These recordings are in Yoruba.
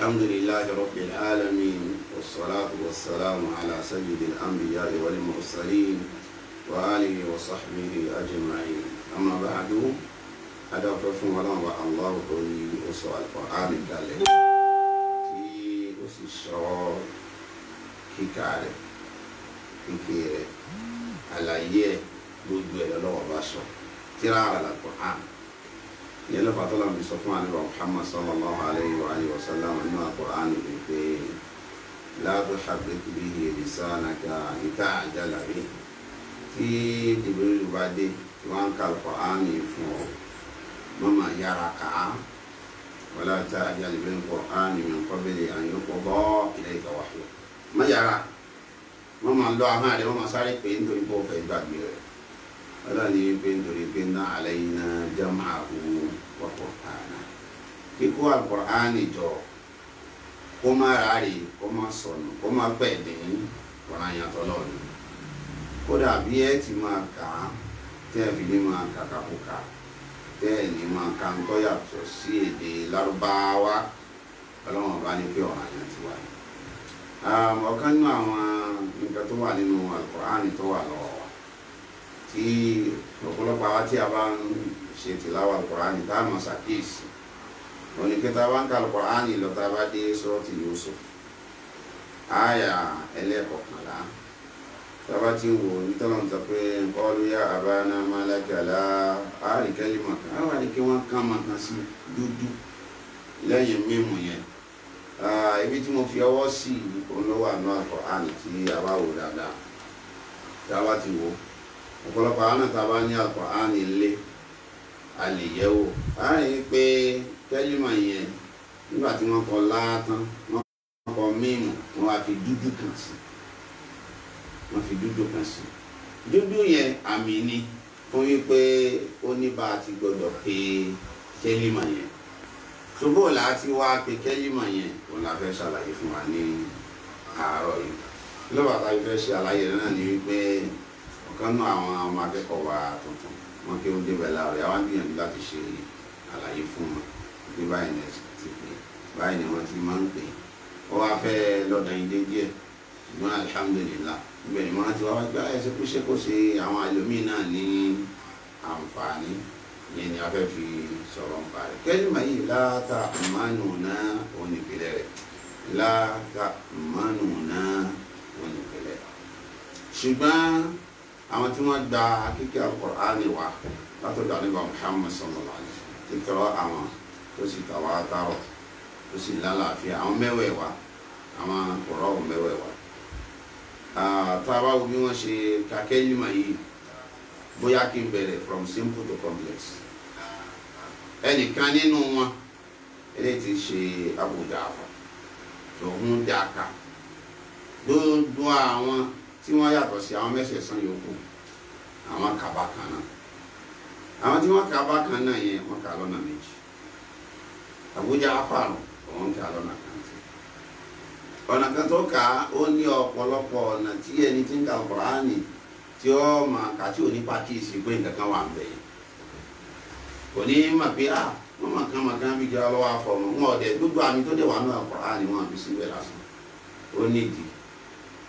الحمد لله رب العالمين والصلاة والسلام على سيد الأنبياء والمرسلين وآله وصحبه أجمعين أما بعد هذا أدعو ولا الله تولي وصوى القرآن الكريم في أسي الشعور كي كيكيري على يه gbogbo ẹ̀ lọ́wọ́ ترى على القرآن ìyẹn lọ́pàá tó lọ́n fi sọ fún àníbà Muhammad sallallahu alayhi wa alihi wa sallam nínú àkùránì wípé láàbù ṣàbíkú bí lisanaka ìta àjálà rí tí Jibril bá dé tí wọ́n ń ka àkùránì fún ọ mọ́mọ́ yára kà á wọlé àti àjálù bí àkùránì mi kọ́ bẹ́ẹ̀ àyànkọ́ bọ́ ilé ìtawàhùn mọ́ yára mọ́mọ́ lọ́ àhán rẹ̀ sáré pé nítorí bó fẹ́ gbàgbé rẹ̀ ọlọ́run ní wípé nítorí pé ná alayna jam'ahu wa qur'ana kíkó al-Qur'ani jọ kó má ráre kó má sọnù kó má pẹ̀ dín ọ̀ràn yàtọ̀ lọ́rùn kódà bí ẹ ti máa kà á tẹ́ ẹ fi ní máa kàkàkùkà tẹ́ ẹ ní máa ka ńkọ́ yàtọ̀ sí èdè lárúbáwá ọlọ́run ọba ní pé ọ̀ràn yẹn ti wáyé ọ̀kan nínú àwọn nǹkan tó wà nínú al tó wà lọ́wọ́ tí ọ̀pọ̀lọpọ̀ àwa tí a bá ń ṣe tìláwà Al-Qur'ani tá a mọ̀ ṣàkíyèsí òní pé tá bá ń ka al lọ tá a bá dé Surati Yusuf àyà ẹlẹ́kọ̀kànlá tá a bá ti ń wò ní tọ́lọ̀ ń sọ pé qalu ya abana malakala àríkẹ́lì mọ̀kàn àwọn àríkẹ́ wọn kàn mọ̀kàn sí dúdú lẹ́yìn mímu yẹn ibi tí mo fi ọwọ́ sí òun ló wà Al-Qur'ani tí a bá wò dáadáa tá a bá ti wò ọ̀pọ̀lọpọ̀ àwọn náà tá a bá ní Al-Qur'an ilé a lè yẹ̀ wò a rí i pé kẹ́límà yẹn nígbà tí wọ́n kọ láàtán wọ́n kọ míìmù wọ́n wá fi dúdú kan sí wọ́n fi dúdú kan sí dúdú yẹn àmì ni fún wípé ó ní bá a ti gbọdọ̀ pé kẹ́límà yẹn ṣùgbọ́n láti wá pé kẹ́límà yẹn òun la fẹ́ ṣàlàyé fún wa ní àárọ̀ yìí lọ́bàtà fẹ́ ṣe àlàyé náà ni wípé kánú àwọn ọmọ akẹ́kọ̀ọ́ wa tuntun wọn kí oúnjẹ bẹ̀rẹ̀ láàrẹ̀ àwọn gbìyànjú láti ṣe àlàyé fún wọn pé báyìí ni ti pè báyìí ni wọ́n ti máa ń pè ó wá fẹ́ lọ́dọ̀ yín dé díẹ̀ ṣùgbọ́n alihamudulila ibẹ̀ ni wọ́n ti wá wá gbé ẹsẹ̀ kó ṣe kó ṣe àwọn àlòmíì náà ní àǹfààní ìyẹn ni a fẹ́ fi sọ̀rọ̀ ń parí. kẹ́lìmọ̀ yìí láta mánu náà onípìlẹ̀ rẹ̀ láta mánu náà onípìlẹ̀ ṣùgbọ́n àwọn tí wọ́n gba kíkẹ́ Al-Qur'ani wa látọ̀dọ̀ àdébà Muhammad sallallahu alaihi wasallam kíkọrọ àwọn tó sì tàwa tààrọ tó sì lálàáfíà àwọn mẹ́wẹ̀ẹ̀wá àwọn kọrọ àwọn mẹ́wẹ̀ẹ̀wá tá a bá wo bí wọ́n ṣe kakẹ́ yìí mà yìí bóyá kí n bẹ̀rẹ̀ from simple to complex ẹnìkan nínú wọn ẹni tí ṣe Abu Ja'far lòun dàkà dúdú àwọn tí wọ́n yàtọ̀ sí àwọn mẹ́sẹ̀sán yòókù àwọn kà bákan náà àwọn tí wọ́n kà bákan náà yẹn wọ́n kà lọ́nà méjì Abu Ja'far òun kà lọ́nà kan sí ọ̀nà kan tó kà á ó ní ọ̀pọ̀lọpọ̀ ọ̀nà tí ẹni tí ń ka Kùránì tí ó mà kà tí ò ní pàkíyèsí pé nǹkan kan wà ń bẹ̀ yẹn kò ní mà pé à ah, wọ́n mà kán mà kán bí jẹ́ ọlọ́wọ́ àfọ̀mọ́ wọn ọ̀dẹ gbogbo àmì tó dẹ̀ wà náà Kùránì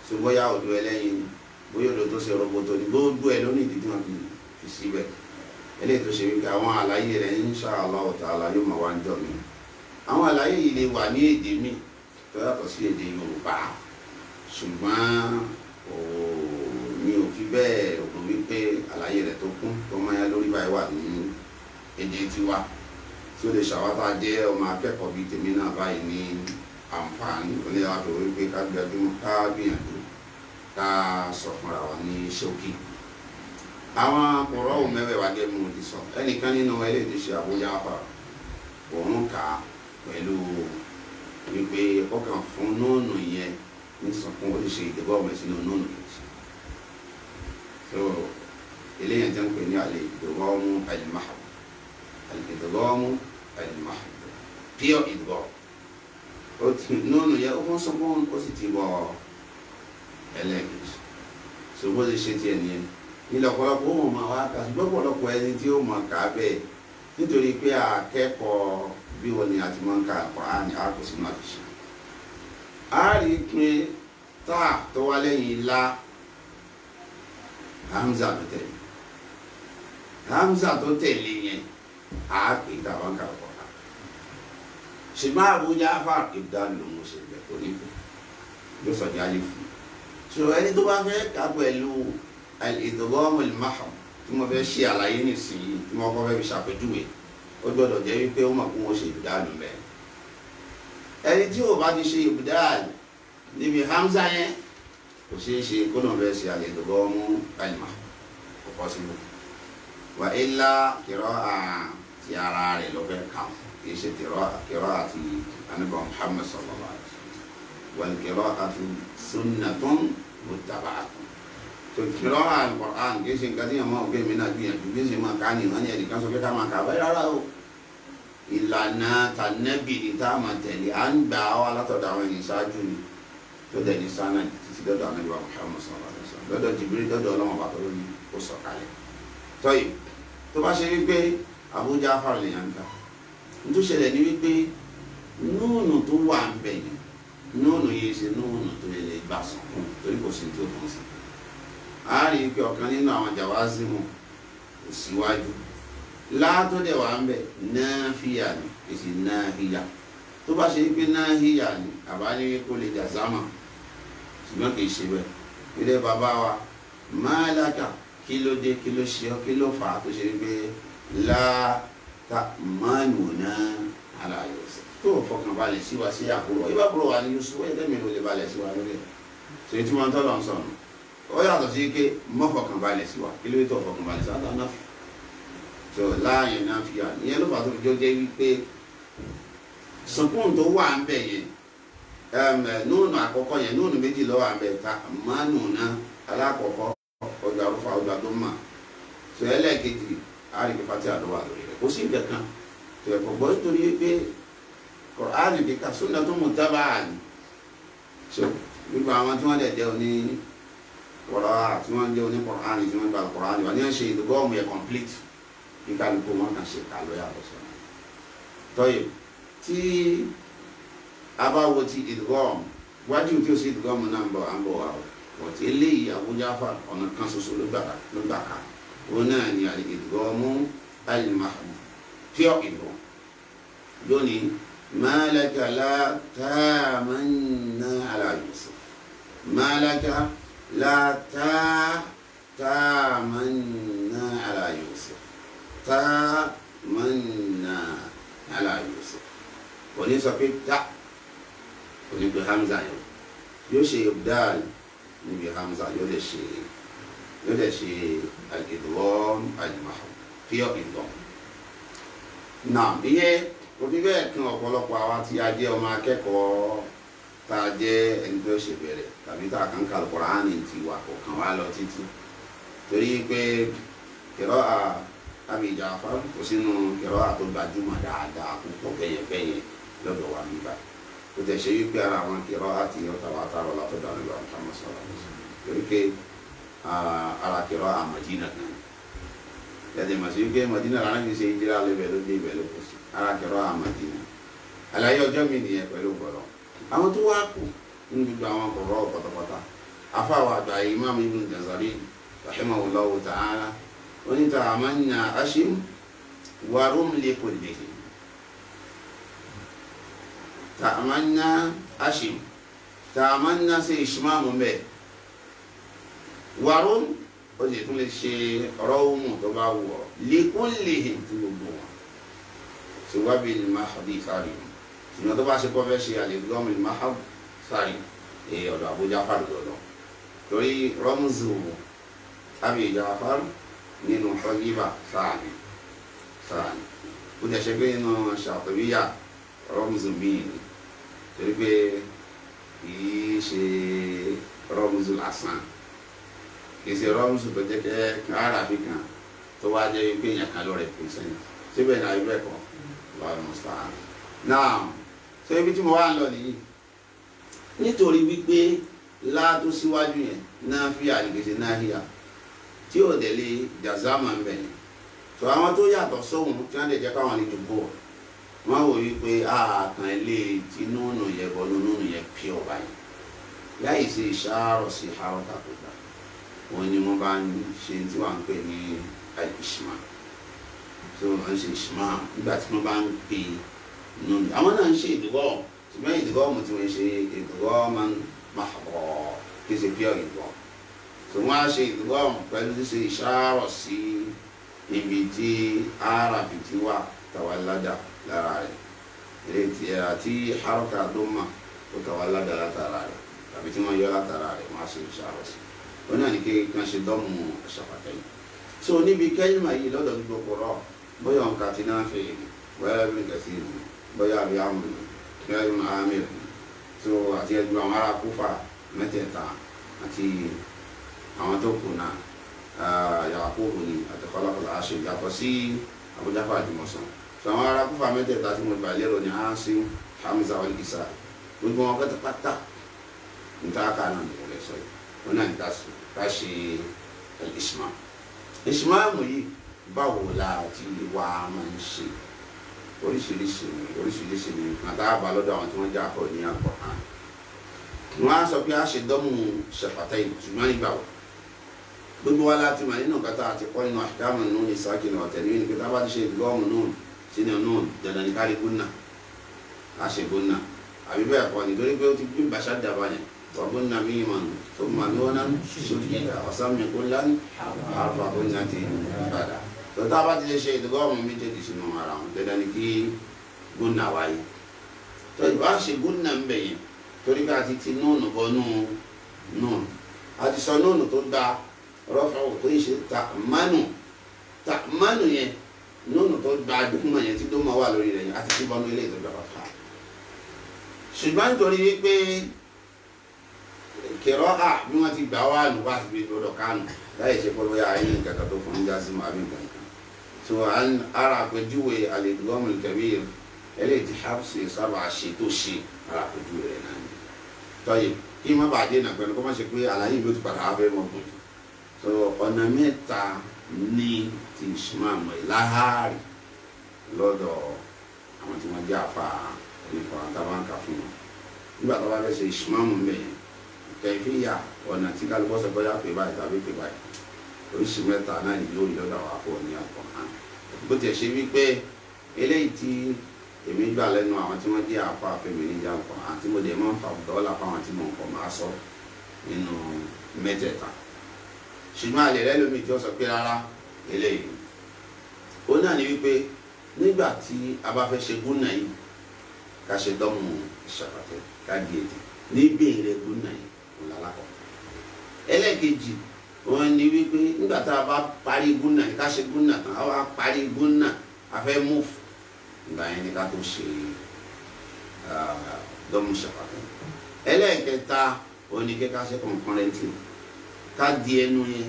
ṣe bóyá odò ẹlẹ́yin ni bóyá odò tó ṣe roboto ni gbogbo ẹ̀ lónìí ìdí tí wọ́n fi síbẹ̀ eléyìí tó ṣe wípé àwọn àlàyé rẹ̀ insha Allah ta'ala yóò máa wá ń jọ mi àwọn àlàyé yìí lè wà ní èdè mi tó yàtọ̀ sí èdè Yorùbá ṣùgbọ́n mi ò fi bẹ́ẹ̀ rò wípé àlàyé rẹ̀ tó kún tó máa yá lórí báyìí wà ní èdè tiwa tí ó lè ṣàwátà jẹ́ ọmọ akẹ́kọ̀ọ́ bíi tèmi náà báyìí ní àǹfààní oníyàwó àfẹ́wé pé ká gbìyànjú ká sọ fúnra wa ní ṣókí àwọn ọ̀rọ̀ ohun mẹ́wẹ̀ẹ́wá gẹ́gẹ́ mo ti sọ ẹnìkan nínú eléyìí ti ṣe àbójá pa òun kà á pẹ̀lú wípé ọkàn fún nọ́ọ̀nù yẹn ní sọkún ó ṣe ìdìbò ọmọ sínú nọ́ọ̀nù kejì so eléyìí ti ń pè ní àlè ìdìbò ọmú àlìmáhà àlè ìdìbò ọmú àlìmáhà pure ìdìbò nọ́ọ̀nù yẹn ó fún sọkún ó sì ti bọ̀ ọ́ ẹlẹ́ẹ̀kejì so bó ṣe ṣe tiẹ̀ nìyẹn ilẹ̀ ọ̀pọ̀lọpọ̀ ó mọ̀ máa wá kà ṣùgbọ́n ọ̀pọ̀lọpọ̀ ẹni tí ó mọ̀ kà á bẹ́ẹ̀ nítorí pé akẹ́kọ̀ọ́ bí wọn ni àti máa ń ka Quran á kò sí máa fi ṣe á rí i pé tá tó wá lẹ́yìn ilá Hamza tó tẹ̀lé Hamza tó tẹ̀lé yẹn á pè tàbá ń ka Quran ṣùgbọ́n Abu Ja'far ìdánilòmọ́sẹ̀ bẹ̀ kò ní yóò sọ̀jà alif fún un so ẹni tó bá fẹ́ kà pẹ̀lú al-idgham al-mahab tí mo fẹ́ ṣe àlàyé nìsín tí mo kọ́ fẹ́ fi ṣàpèjúwe ó gbọ́dọ̀ jẹ́ wípé ó mọ̀ kó wọ́n ṣe ìbùdáàlù mẹ́ ẹni tí ò bá ti ṣe ìbùdáàlù níbi hamza yẹn kò ṣeé ṣe kó náà fẹ́ ṣe al-idgham al kò pọ̀ sí mi wà ilá kìrọ̀ àti ara rẹ̀ lọ́fẹ́ kàn kì í ṣe kìrọ̀ àti anábọ̀ Muhammad sallallahu alaihi wal-qira'atu sunnatun muttaba'atun tó kìlọ́ al-Qur'an kì í ṣe nǹkan tí yẹn máa gbé mi náà gbìyànjú kì í ṣe máa ká ní ìwọ́n ní ẹ̀dìkan sọ pé ká máa kà báyìí rárá o ìlànà tànẹ́bì ni tá a máa tẹ̀lé à ń gbà wá látọ̀dọ̀ àwọn ẹni ṣáájú ni tó dẹni sáná títí dọ́dọ̀ àwọn ìwà Muhammad sallallahu alaihi wasallam dọ́dọ̀ jìbìrì dọ́dọ̀ ọlọ́wọ́n nóònù yìí ṣe nóònù tó yẹ lè gbà sọkún torí kò sí tí ó fún sí a rí i pé ọ̀kan nínú àwọn jàwázìmù kò síwájú látó dẹ̀ ń bẹ̀ náà fìyà ni èsì náà hìyà tó bá ṣe pé náà hìyà ni àbáyé kó lè jà zámà ṣùgbọ́n kì í ṣe bẹ́ẹ̀ ilé bàbá wa máa lákà kí ló dé kí ló ṣe ọ́ kí ló fà á tó ṣe pé láà tá náà ara yóò tó ń fọkàn balẹ̀ sí wa sí àbúrò ibà àbúrò wa ni Yusuf wọ́n yẹ kẹ́mi ló lè balẹ̀ sí wa lórí ẹ̀ tó yẹ tí wọ́n ń tọ́lọ̀ ń sọ̀rọ̀ ó yàtọ̀ sí pé mọ́ fọkàn balẹ̀ sí wa kí ló tó fọkàn balẹ̀ sí àtàwọn náà tó láàyè náà fi hàn ìyẹn ló fà tó fi jọ jẹ́ wípé sọkún tó wà ń bẹ̀ yẹn nóònù àkọ́kọ́ yẹn nóònù méjì lọ́wọ́ àbẹ̀ ta mánù náà alákọ̀ọ́kọ́ ọjà rúfa ọjà tó mà tó ẹlẹ́ẹ̀kejì àríkè fati àdúrà kò sí ìkẹ̀kan tó ẹ̀kọ́ gbọ́ nítorí pé Quran bí ká súnà tó mú so gbogbo àwọn tí wọ́n dẹ̀ jẹ́ oní kùránì tí wọ́n jẹ́ oní Quran tí wọ́n gba kùránì wọ́n ní ṣe ìdúgbọ́ọ̀mù yẹn complete ní kálukú wọn kàn ṣe kàlọ́ yàtọ̀ sọ́nà tọ́yọ̀ tí a bá wo ti ìdúgbọ́ọ̀mù wájú tí ó sì ìdúgbọ́ọ̀mù náà ń bọ̀ à ń bọ̀ wà o ọ̀tí eléyìí àbújá fà ọ̀nà kan ṣoṣo ló gbà ká òun náà ni àlè ìdúgbọ́ọ̀mù alìmọ̀ pure ìdúgbọ́ọ̀mù lónìí máàlákà látàmánà àlà Yusuf máàlákà látàmánà àlà Yusuf tàmánà àlà Yusuf kò ní sọ pé tá kò ní pé Hamza yẹn yóò ṣe ibdal níbi Hamza yóò lè ṣe yóò lè ṣe àgìdìwọ́n àjùmọ̀ kí ọ̀gbìn gan. Naam, ìyẹn kò fi bẹ́ẹ̀ kan ọ̀pọ̀lọpọ̀ àwa tí a jẹ́ ọmọ akẹ́kọ̀ọ́ tá a jẹ́ ẹni tó ṣe bẹ̀rẹ̀ tàbí tá a kàn ká Kùránì ti wà kọ̀ọ̀kan wá lọ títí torí pé kẹ̀rọ à Abi Ja'far kò sínú kẹ̀rọ à tó gbajúmọ̀ dáadáa púpọ̀ bẹ́yẹn lọ́dọ̀ wa nígbà kò tẹ̀ ṣe wípé ara àwọn kẹ̀rọ àti ọ̀tàwátàrọ̀ látọ̀dọ̀ àlùbọ̀ àwọn kàmọ́ sọ̀rọ̀ ara kẹrọ àmàdínà àlàyé ọjọ́ mi nìyẹn pẹ̀lú gbọ́dọ̀ àwọn tó wá kù ń gbogbo àwọn kọ̀ọ̀rọ̀ pátápátá afáwọ̀ àgbà imam ibn jazari rahimahullahu ta'ala oníta àmànyà ashim warum lekulehi ta'amanna ashim ta'amanna sí ishmamu mbẹ warum ó sì tún lè ṣe ọ̀rọ̀ ohun tó bá wù ọ́ lekulehi fún gbogbo wọn ṣùgbọ́n bíi lè má hàbí sáré ṣùgbọ́n tó bá ṣe kọ́ fẹ́ ṣe àlèbùdọ́mù lè má hàbí sáré ọ̀dọ̀ àbújá fàlù lọ́dọ̀ torí rọ́mùzù àbí ìjọba fàlù nínú fọ́gíbà sáàni sáàni ó jẹ́ ṣe pé nínú ṣàtọ̀bíyà rọ́mùzù míì ni torí pé kìí ṣe rọ́mùzù lásán kìí ṣe rọ́mùzù tó jẹ́ kẹ́ kára fi kàn tó wá jẹ́ pé èèyàn kan ló rẹ̀ pèsè síbẹ̀ náà ibẹ̀ kọ́ lọ́mùsàn náà so ibi tí mo wá ń lọ nìyí nítorí wípé láàtó síwájú yẹn náà fi àdìgbèsè náà híya tí ò délé jazama ń bẹ̀ yẹn so àwọn tó yàtọ̀ sóhun tí wọ́n lè jẹ́ káwọn lè dùbò wọ́n wò wípé ààkàn ilé tinúùnù yẹn bọ́lú núùnù yẹn pí ọba yẹn láì ṣe ìṣàárọ̀ sí àárọ̀ kàkúta òun ni mo bá ń ṣe tí wọ́n ń pè ní alìṣìmá tí wọ́n ṣe ìṣúná nígbà tí wọ́n bá ń pè inú mi àwọn náà ń ṣe ìdíwọ́ ṣùgbọ́n ìdíwọ́ mo ti wọ́n ṣe ìdíwọ́ máa ń máa bọ̀ kí ṣe bí ìdíwọ́ tí wọ́n á ṣe ìdíwọ́ pẹ̀lú ṣíṣe ìṣàrọ̀ sí ibi tí ara fìtí wà tàwa ládà lára rẹ̀ ìrètí àti haruka doma tó tàwa ládà látara rẹ̀ tàbí tí wọ́n yọ látara rẹ̀ wọ́n á ṣe ìṣàrọ̀ sí ó náà ní kí kan ṣe dọ́mù ṣàpàtẹ́yìn so níbi kẹ́yìn màá yìí lọ́dọ̀ gbogbo rọ̀ bóyá òǹkà tí náà fi wẹ́rẹ́ bí nǹkan sí ìlú bóyá àbí àmì tẹ́lẹ̀ ní àmì ìlú tó àti ẹgbẹ́ àwọn ará kúfà mẹ́tẹ̀ẹ̀ta àti àwọn tó kù náà yàkóòrò ni àti kọ́lákọ́lá aṣọ yàtọ̀ sí abújáfà àdìmọ̀sán tó àwọn ará kúfà mẹ́tẹ̀ẹ̀ta tí mo gbà lérò ní hansi Hamza olùkísà gbogbo wọn kẹ́tẹ́ pátá níta ká náà nìkan lẹ́sọ̀ yìí wọn náà ní ká ṣe ìsìmáàmù yìí báwo la ti wá máa ń ṣe oríṣiríṣi ni oríṣiríṣi ni nǹkan tá a bá lọ́dọ̀ àwọn tí wọ́n já àfọ̀ ní àpọ̀ hàn wọ́n á sọ pé a ṣe dọ́mù ṣèpàtà yìí ṣùgbọ́n nígbà wọ̀ gbogbo wa láti mà nínú kata àti kọ́ nínú àṣìkámù nínú ní sákìlì ní ní pété a bá ti ṣe ìdúgbọ́mù nínú sínú nínú dandan ní kárí gúnà a ṣe gúnà àbí bẹ́ẹ̀ kọ́ nítorí pé ó ti gbé bàṣà dàbà yẹn wà gúnà míì mọ̀ tó mà ní wọn náà sódì ọ̀sán mi kó lánìí àfà gúnà ti padà tó tá a bá ti lè ṣe ìdìbò àwọn méjèèjì sínú ara wọn dandan ni kí gúnnà wáyé tó ìbá ṣe gúnnà ń bẹ̀ yẹn torí pé a ti ti nóònù bọ́ nóònù a ti sọ nóònù tó gba rọ́fà òkú ìṣe ta mánù ta mánù yẹn nóònù tó gba dúkùmọ̀ yẹn tí dúkùmọ̀ wà lórí rẹ̀ yẹn a ti ti bọ́nú ilé ìtọ́jú àpapọ̀ ṣùgbọ́n nítorí wípé kẹrọ a bí wọ́n ti gbà wá lù wá síbi lọ́dọ̀ kánù láyé ṣe pọ́lọ́yà ayé nǹkan kan tó fún un jásí mọ́ àbí nǹkan kan tó à ń ara àpèjúwe al-Idgham al-Kabir eléyìí ti Hafs sábà ṣe tó ṣe ara àpèjúwe rẹ̀ náà ni tọ́yì kí má bàa dé nàgbẹ́ ni kó má ṣe pé àlàyé mi ó ti padà wá fẹ́ mọ̀ bùn tó ọ̀nà mẹ́ta ní ti Ismail Lahari lọ́dọ̀ àwọn tí wọ́n jẹ́ àfa nípa táwọn fún wọn nígbà tó bá fẹ́ ṣe Ismail mẹ́yìn kẹ̀fíyà ọ̀nà tí kálukọ́ sọ oríṣi mẹ́ta náà ni yóò rí lọ́dọ̀ àwọn afọ ní ọkàn hàn bó tiẹ̀ ṣe wípé eléyìí tí èmi gbà lẹ́nu àwọn tí wọ́n jẹ́ afọ àfẹ́mi níjà ọkàn hàn tí mo dẹ̀ máa ń fa dọ́là fáwọn tí mo ń kọ́ máa sọ nínú mẹ́tẹ̀ẹ̀ta ṣùgbọ́n àlè rẹ lómi tí wọ́n sọ pé rárá eléyìí ó náà ni wípé nígbà tí a bá fẹ́ ṣe gúnnà yìí ká ṣe dọ́mù ìṣàpàtẹ ká gé ètè e ní ìbéèrè gúnnà yìí òun làlákọ̀ọ́ ẹlẹ́ẹ̀kejì wọ́n ní wípé nígbà tá a bá parí gúnà ká ṣe gúnà tán a wá parí gúnà a fẹ́ múfù nígbà yẹn ni ká tó ṣe dọ́mú ṣàpàtà ẹlẹ́ẹ̀kẹta oníkẹ́ ká ṣe kọ̀ǹkọ́rẹ́ntì ká di ẹnu yẹn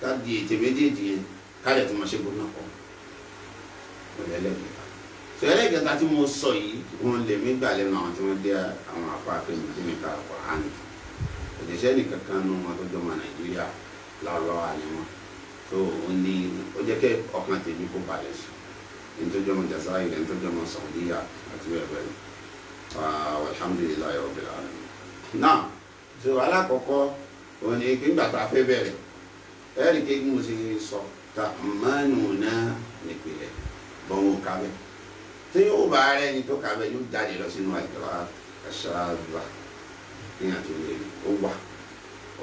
ká di ètè méjèèjì yẹn ká lè tó máa ṣe gúnà pọ̀ pẹ̀lú ẹlẹ́ẹ̀kẹta tó ẹlẹ́ẹ̀kẹta tí mo sọ yìí wọn lè mí gbà lẹ́nu àwọn tí wọ́n dé àwọn afáfẹ́ mi tí mi ká kọ̀ hánì òjòṣẹ́ lárúbáwá ni wọ́n tó o ní ó jẹ́ kí ọkàn tèmi kó balẹ̀ sí i nítorí ọmọ jàzáà ilẹ̀ nítorí ọmọ sọ̀díyà àti bẹ́ẹ̀ bẹ́ẹ̀ lọ alhamdulilayi rabbil alamin. náà tó alákọ̀ọ́kọ́ òun ni kí n gbàgbà fẹ́ bẹ̀rẹ̀ ẹ̀rí kí mo ti sọ ta mọ́nù náà nípìnlẹ̀ bọ́wọ́ kábẹ́ tí yóò bá rẹ̀ ni tó kábẹ́ yóò jáde lọ sínú àjọ àṣà àdúrà ní àtúnyẹ̀wò ó wà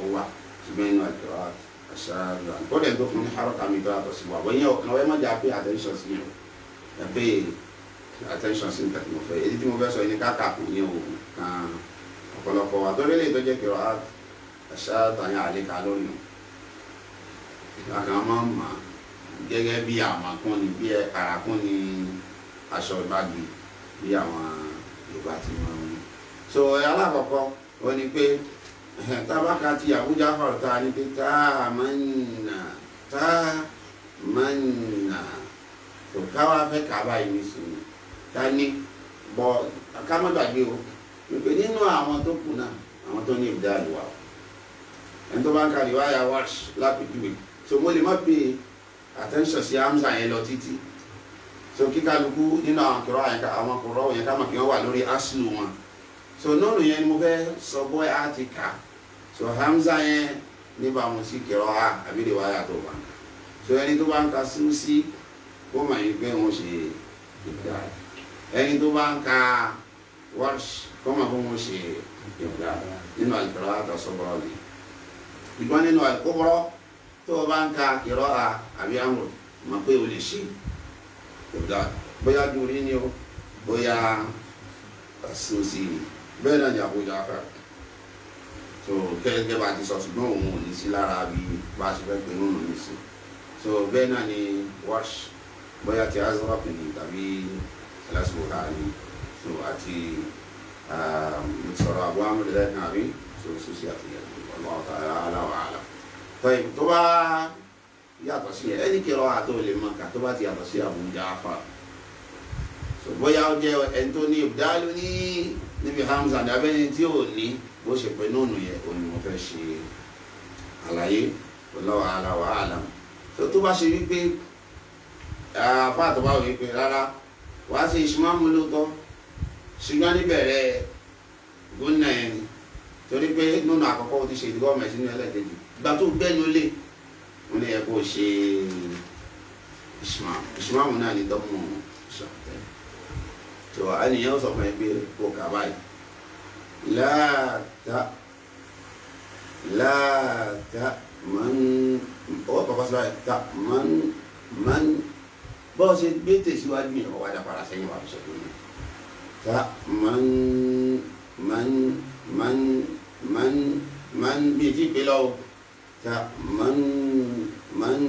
ó ṣùgbọ́n inú àjọ àti aṣáájú àná kódà tó fún ní haraka mi tó yàtọ̀ sí wa wọ́n yẹ ọ̀kan wọ́n yẹ má jà pé attention sí o ẹ pé attention sí nǹkan tí mo fẹ́ èyí tí mo fẹ́ sọ yìí káàkà kò yẹ o kan ọ̀pọ̀lọpọ̀ àtọ́rẹ́ lè tọ́jẹ́ kẹrọ aṣáájú àyàn àlékà lónìí àkàn máa ń mà gẹ́gẹ́ bí àmàkún ni bí àràkún ni aṣọ ìbàdí bí àwọn Yorùbá ti máa ń so alákọ̀ọ́kọ́ ó ní pé tábàkà ti àbújá fọ̀rọ̀ ta ni pé tá a máa ń nà tá a máa ń fẹ́ kà báyìí ní sùn ta ni bọ̀ ká má gbàgbé o wípé nínú àwọn tó kù náà àwọn tó ní ìdá àlùwà o ẹni tó bá ń ka lè wáyà wáṣ lápèjúwe so mo lè má pè attention sí Amza yẹn lọ títì so kíkálukú nínú àwọn kòrọ àyẹ̀ká àwọn kòrọ òyìnká mọ̀ kí wọ́n wà lórí aslu wọn so nóònù yẹn ni mo fẹ́ sọ bóyá á ti kà á so hamza yẹn níbàámu sí kẹrọ a ah, àbí lè wáyà tó bá ń kà so ẹni tó bá ń ka sínú sí ó mà yín pé wọn ṣe ìgbà ẹni tó bá ń ka wọ́ọ̀ṣì kọ́ mà fún wọn ṣe ìgbà nínú àlùkòrò àtọ̀sọ́bọ̀rọ̀ mi ìgbọ́n nínú àlùkòrò tó o bá ń ka kẹrọ a àbí àmọ̀ mà pé o lè ṣe ìgbà bóyá dùn ni o bóyá sínú sí bẹ́ẹ̀ náà ni àbújá fẹ́ràn so gẹ́gẹ́ bá ti sọ ṣùgbọ́n òun ò ní sí lára bí bá a ṣe fẹ́ pe lónìí nísìn so bẹ́ẹ̀ náà ni wash bóyá ti azraq ni tàbí ẹlẹ́sìnkòkà ni so àti um, sọ̀rọ̀ àbúrò amúlẹ̀ lẹ́yìn àbí so so sí àfihàn ọlọ́wọ́ ta aláwọ̀ àlà tọ́yìn tó bá yàtọ̀ sí ẹni kí ọ̀rọ̀ àtọ́ lè mọ̀ ká tó bá ti yàtọ̀ sí Abu Ja'far so bóyá ó jẹ́ ẹni tó ní ìbúdá lónìí níbi hamza ní abẹ́ni tí ò ní bó ṣe pé nóònù yẹ òun ni mo fẹ́ ṣe àlàyé lọ́wọ́ ara wàhálà tó tó bá ṣe wípé apá àtọ́bá wò wípé rárá wàá ṣe ìṣúmámú lóòótọ́ ṣùgbọ́n níbẹ̀rẹ̀ gómìnà yẹn ni torí pé nóònù àkọ́kọ́ ti ṣe ìdíwọ́ ọmọ ìṣínú ẹlẹ́dẹ̀ẹ́jì ìgbà tó gbẹ́nu lé wọn lè yẹ kó ṣe ìṣúmámú náà ní dọ́mù ṣàtẹ́ tó àníyàn sọ fún ẹ pé kò kà báyìí láàtà láàtà mọ́n ọwọ́ pàpà sọ báyìí tà mọ́n mọ́n bọ́ọ̀ ṣe gbé tẹ̀síwájú yẹn wọ́n wá dá para sẹ́yìn wà lóṣọ tó ní tà mọ́n mọ́n mọ́n mọ́n mọ́n bí etí ìpè lọ́wọ́ tà mọ́n mọ́n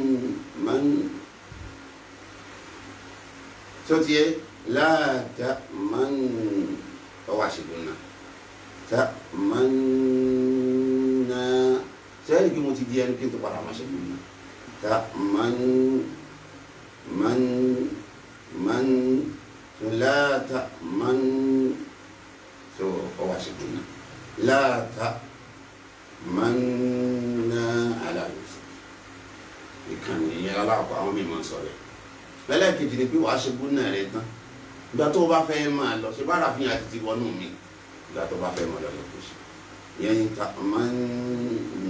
mọ́n tó tiẹ̀. لا تأمن فواشدنا تأمنا سألك متديا كنت برا ما شدنا تأمن من من لا تأمن سو فواشدنا لا تأمنا على يوسف ìkànnì yẹn aláàbọ̀ àwọn mímọ́ sọ̀rọ̀ ẹ̀ lẹ́lẹ́kejì ni pé wàá ṣe gbóná rẹ̀ tán ìgbà tó o bá fẹ́ máa lọ ṣe bára fi hàn àti ti wọnú mi ìgbà tó o bá fẹ́ máa lọ lọ́kọ̀ sí ìyẹn ní ká máa ń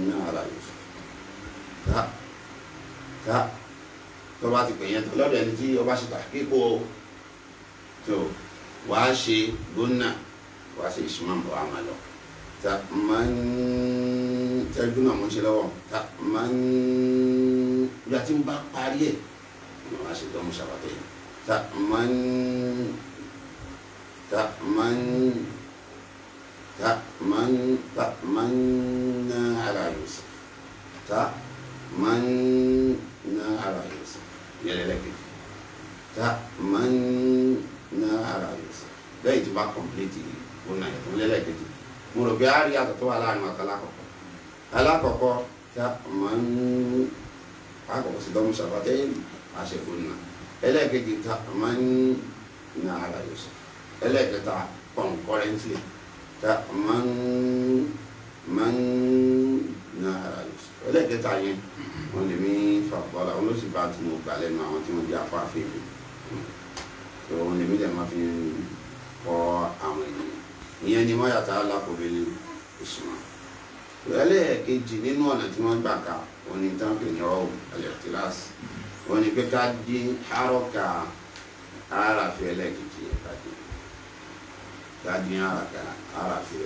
ní ara yóò sọ ká ká tó bá ti pè yẹn tó lọ́dọ̀ ẹni tí ọba ṣe tàkíkó tó wàá ṣe gbóná wàá ṣe ìṣúná bọ̀ wàá máa lọ ta máa ń tẹ́jú náà mo ń ṣe lọ́wọ́ ta máa ń ìgbà tí mo bá parí ẹ̀ mo máa ṣe lọ́mú ṣàbàtọ̀ yẹn. تأمن تأمن تأمن تأمنا على يوسف تأمنا على يوسف يا لك تأمنا على يوسف bẹ́ẹ̀ tí bá kọ̀mpléètì ọ̀nà ìfún lẹ́lẹ́kẹ̀jì mo rò pé a rí àtọ̀ tó wà láàrin àti alákọ̀ọ́kọ́ alákọ̀ọ́kọ́ tí a máa ń akọ̀kọ̀ sí dọ́mùsàbà tẹ́yìn àṣẹ ìfún ẹlẹ́ẹ̀kejì ta máa ń na ara Yusuf ẹlẹ́ẹ̀kẹta kọ̀ǹkọ́rẹ́ńtì ta máa ń máa ń na ara Yusuf ẹlẹ́ẹ̀kẹta yẹn wọ́n lè mí fa bọ́lá wọn ló sì bá tún gbà lẹ́nu àwọn tí wọ́n jẹ́ afáfẹ́ mi tó wọ́n lè mí lè má fi kọ́ àwọn ènìyàn ìyẹn ni wọ́n yàtọ̀ alákòbílẹ̀ ìsúná ẹlẹ́ẹ̀kejì nínú ọ̀nà tí wọ́n gbà ká oní tán pè ní ọ́ ẹlẹ́tíláàsì ó ní pé ká dín hárọ́kà àràfẹ́ ẹlẹ́kìtì ẹ̀ka dín ká dín hárọ́kà àràfẹ́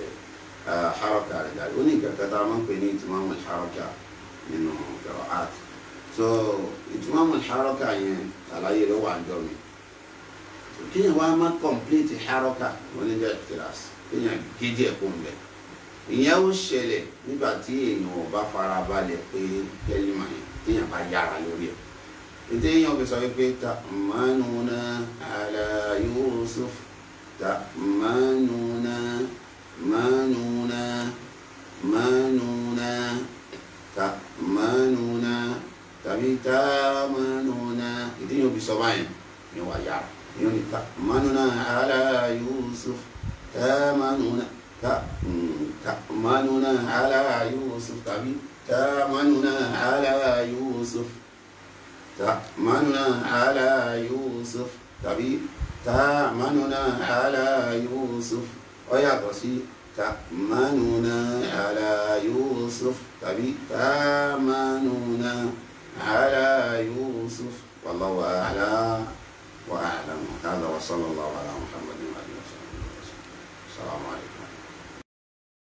hárọ́kà rẹ̀ jáde ó ní nǹkan kan tá a pè ní ìtìmọ́mù hárọ́kà nínú ìjọba art so ìtìmọ́mù hárọ́kà yẹn àlàyé rẹ̀ wà ń jọ mi kínyìn wá má complete hárọ́kà oníjẹ́ kíláàsì kínyìn gidi ẹ̀kọ́ ń bẹ̀ ìyẹn ó ṣẹlẹ̀ nígbà tí èèyàn ò bá fara balẹ̀ pé kẹ́lí màá yẹn kínyìn bá yára lórí ẹ̀. إتيو بسويب تأمنونا على يوسف تأمنونا منونا منونا تأمنونا تبي تأمنونا إتيو بسويب يو يا يوني تأمنونا على يوسف تأمنونا تأمنونا على يوسف تبي تأمنونا على يوسف تأمنونا على يوسف تأمننا على يوسف تبيب تأمننا على يوسف ويا قصي تأمننا على يوسف تبيب تأمننا على يوسف والله أعلى وأعلم هذا وصلى الله على محمد وعلى آله وصحبه وسلم السلام عليكم